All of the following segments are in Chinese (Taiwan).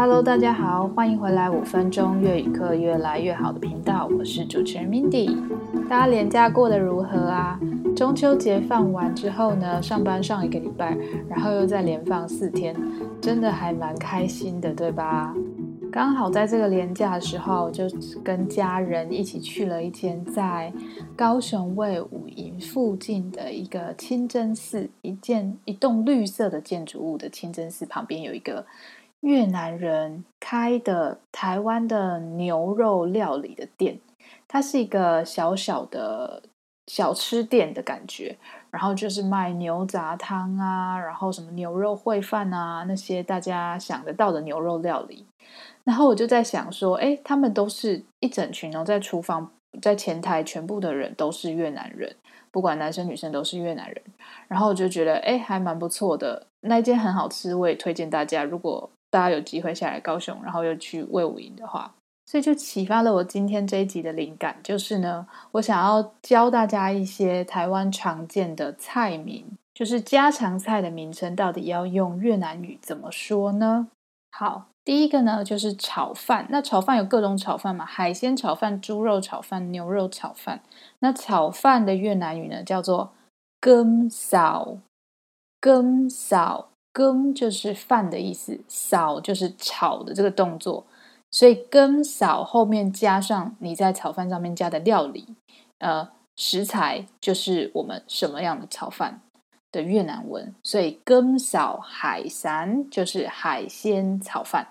Hello，大家好，歡迎回來《五分鐘越語課》越來越好的頻道，我是主持人 Mindy。大家連假過得如何啊？中秋節放完之後呢，上班上一個禮拜，然後又再連放四天，真的還蠻開心的，對吧？剛好在這個連假的時候，就跟家人一起去了一間在高雄衛武營附近的一個清真寺，一間一棟綠色的建築物的清真寺旁邊有一個。越南人開的台灣的牛肉料理的店，它是一個小小的小吃店的感覺，然後就是賣牛雜湯啊，然後什麼牛肉燴飯啊，那些大家想得到的牛肉料理。然後我就在想說，誒，他們都是一整群人、哦、在廚房，在前台，全部的人都是越南人，不管男生女生都是越南人。然後我就覺得，誒，還蠻不錯的，那一間很好吃，我也推薦大家，如果，大家有機會下來高雄，然後又去衛武營的話，所以就啟發了我今天這一集的靈感，就是呢，我想要教大家一些台灣常見的菜名，就是家常菜的名稱到底要用越南語怎麼說呢？好，第一個呢就是炒飯，那炒飯有各種炒飯嘛，海鮮炒飯、豬肉炒飯、牛肉炒飯，那炒飯的越南語呢叫做 “cơm xào 羹就是飯的意思，炒就是炒的這個動作，所以羹炒後面加上你在炒飯上面加的料理、呃食材，就是我們什麼樣的炒飯的越南文。所以羹炒 hải sản 就是海鮮炒飯，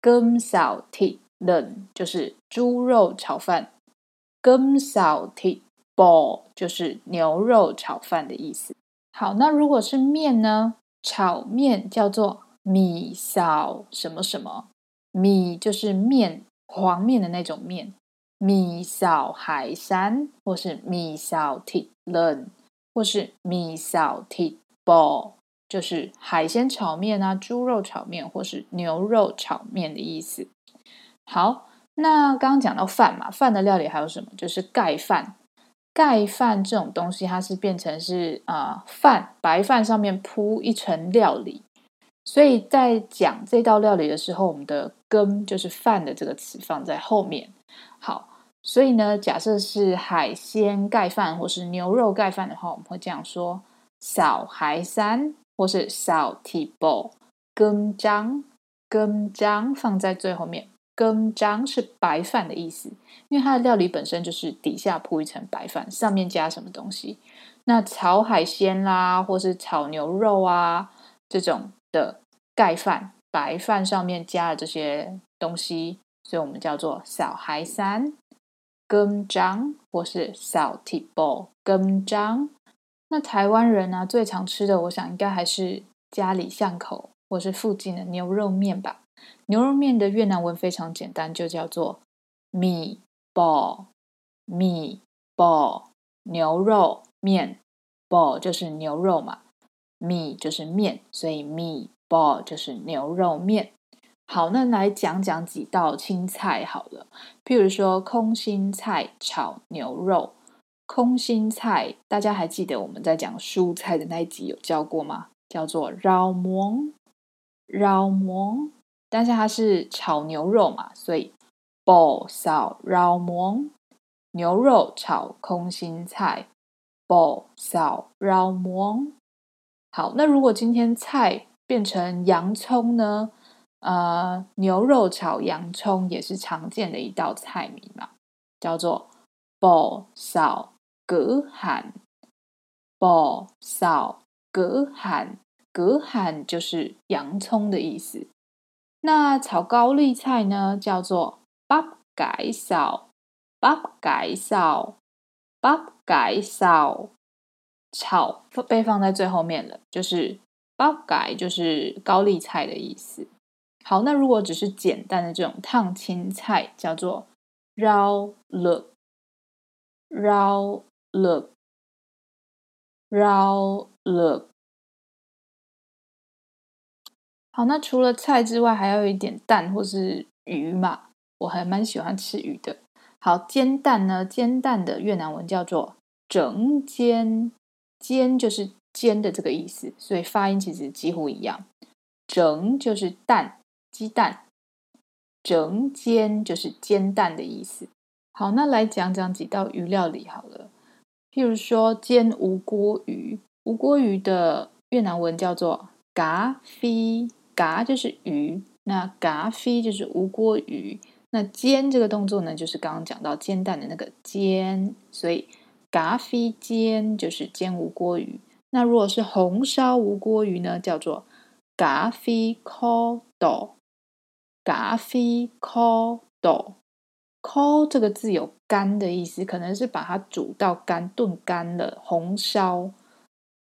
羹炒 thịt lợn 就是豬肉炒飯，羹炒 thịt bò 就是牛肉炒飯的意思。好，那如果是麵呢？炒麵叫做米炒什麼什麼，米就是麵，黃麵的那種麵。米炒海山，或是米炒鐵冷，或是米炒鐵包，就是海鮮炒麵啊，豬肉炒麵或是牛肉炒麵的意思。好，那剛剛講到飯嘛，飯的料理還有什麼？就是蓋飯。蓋飯這種東西，它是變成是啊、呃、飯白飯上面鋪一層料理，所以在講這道料理的時候，我們的根就是飯的這個詞放在後面。好，所以呢，假設是海鮮蓋飯或是牛肉蓋飯的話，我們會這樣說：小海山或是小提包根章根章放在最後面。羹章是白飯的意思，因為它的料理本身就是底下鋪一層白飯，上面加什麼東西，那炒海鮮啦，或是炒牛肉啊這種的蓋飯，白飯上面加了這些東西，所以我們叫做小孩三羹章，或是小鐵包羹章。那台灣人呢、啊，最常吃的，我想應該還是家裡巷口或是附近的牛肉麵吧。牛肉麵的越南文非常簡單，就叫做 mi b l mi b l 牛肉麵。b l 就是牛肉嘛 m 就是面，所以 mi b l 就是牛肉麵。好，那來講講幾道青菜好了，譬如說空心菜炒牛肉。空心菜大家還記得我們在講蔬菜的那一集有教過嗎？叫做 r a 但是它是炒牛肉嘛，所以 bò xào rau muống 牛肉炒空心菜 bò xào rau muống 好，那如果今天菜變成洋蔥呢？呃，牛肉炒洋蔥也是常見的一道菜名嘛，叫做 bò xào củ hành，bò xào củ hành，củ hành 就是洋蔥的意思。那炒高麗菜呢，叫做“八改燒”，“八改燒”，“八改燒”，炒被放在最後面了，就是“八改”就是高麗菜的意思。好，那如果只是簡單的這種燙青菜，叫做“繞了”，“繞了”，“繞了”，“繞了”。好，那除了菜之外，還要有一點蛋或是魚嘛？我還蠻喜歡吃魚的。好，煎蛋呢？煎蛋的越南文叫做“整煎”，煎就是煎的這個意思，所以發音其實幾乎一樣。整就是蛋，雞蛋，整煎就是煎蛋的意思。好，那來講講幾道魚料理好了，譬如說煎吳郭魚，吳郭魚的越南文叫做“咖啡”。嘎就是魚，那咖啡就是吳郭魚。那煎這個動作呢，就是剛剛講到煎蛋的那個煎，所以咖啡煎就是煎吳郭魚。那如果是紅燒吳郭魚呢，叫做咖飛烤豆。咖飛烤豆，烤這個字有乾的意思，可能是把它煮到乾、燉乾了，紅燒，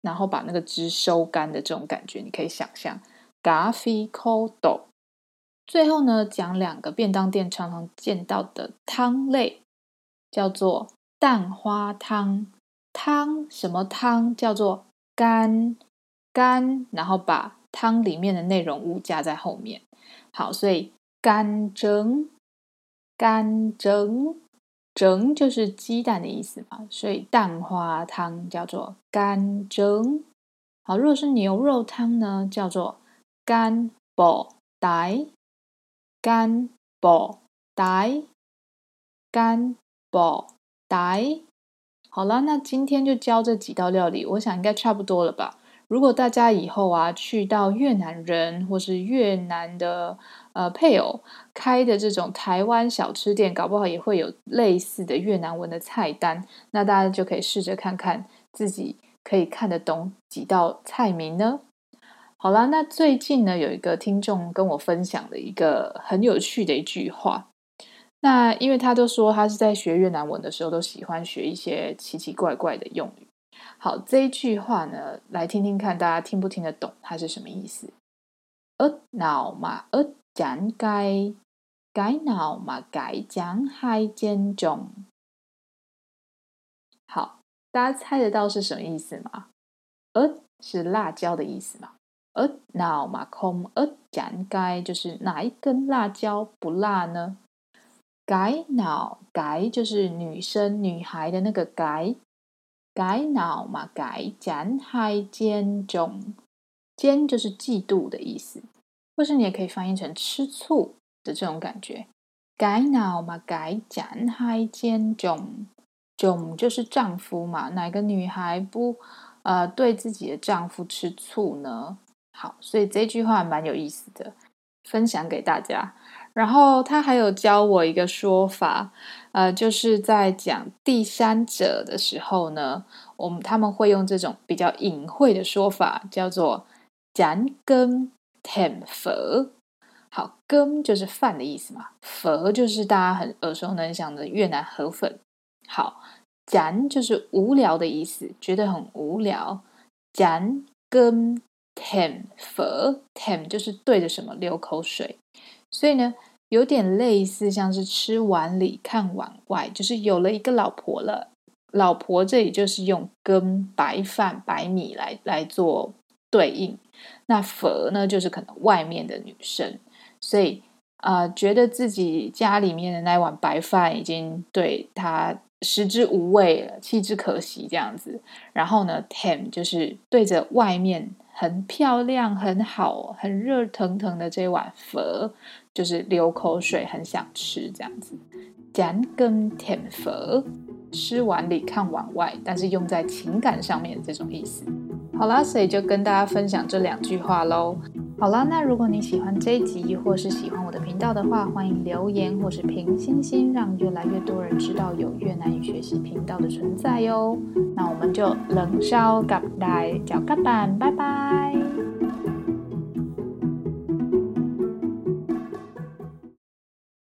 然後把那個汁收乾的這種感覺，你可以想象。cá phi kho tộ，最後呢，講兩個便當店常常見到的湯類，叫做蛋花湯。湯什麼湯叫做 canh canh，然後把湯裡面的內容物加在後面。好，所以 canh trứng canh trứng trứng 就是雞蛋的意思嘛，所以蛋花湯叫做 canh trứng。好，如果是牛肉湯呢，叫做干寶呆，干寶呆，干寶呆。好啦，那今天就教這幾道料理，我想應該差不多了吧。如果大家以後啊去到越南人或是越南的呃配偶開的這種台灣小吃店，搞不好也會有類似的越南文的菜單，那大家就可以試着看看自己可以看得懂幾道菜名呢。好啦，那最近呢有一個聽眾跟我分享了一個很有趣的一句話。那因為他都說他是在學越南文的時候，都喜歡學一些奇奇怪怪的用語。好，這一句話呢，來聽聽看大家聽不聽得懂它是什麼意思？Ớt nào mà ớt chẳng cay, gái nào mà gái chẳng hay ghen chồng。好，大家猜得到是什麼意思嗎？Ớt 是辣椒的意思嗎？呃腦嘛空呃講該就是哪一根辣椒不辣呢？改腦改就是女生女孩的那個改。改腦嘛改講海兼種兼就是嫉妒的意思，或是你也可以翻譯成吃醋的這種感覺。改腦嘛改講海兼種種就是丈夫嘛，哪個女孩不呃對自己的丈夫吃醋呢？好，所以這句話蠻有意思的，分享給大家。然後他還有教我一個說法，呃，就是在講第三者的時候呢，我們他們會用這種比較隱晦的說法，叫做 “chán cơm thèm phở”。好，cơm 就是飯的意思嘛，phở 就是大家很耳熟能詳的越南河粉。好，chán 就是無聊的意思，覺得很無聊。chán cơm thèm phở thèm 就是對着什麼流口水，所以呢，有點類似像是吃碗裡看碗外，就是有了一個老婆了。老婆這裡就是用跟白飯白米來來做對應，那 phở 呢就是可能外面的女生，所以啊、呃，覺得自己家裡面的那碗白飯已經對她食之無味了，棄之可惜這樣子。然後呢，thèm 就是對着外面。很漂亮，很好，很熱騰騰的這碗粉，就是流口水，很想吃這樣子。講根舔粉，吃碗裡看碗外，但是用在情感上面這種意思。好啦，所以就跟大家分享這兩句話嘍。好啦，那如果你喜歡這一集，或是喜歡我的頻道的話，歡迎留言或是評星星，讓越來越多人知道有越南語學習頻道的存在喲、哦。那我們就 hẹn gặp lại 叫蓋板，拜拜。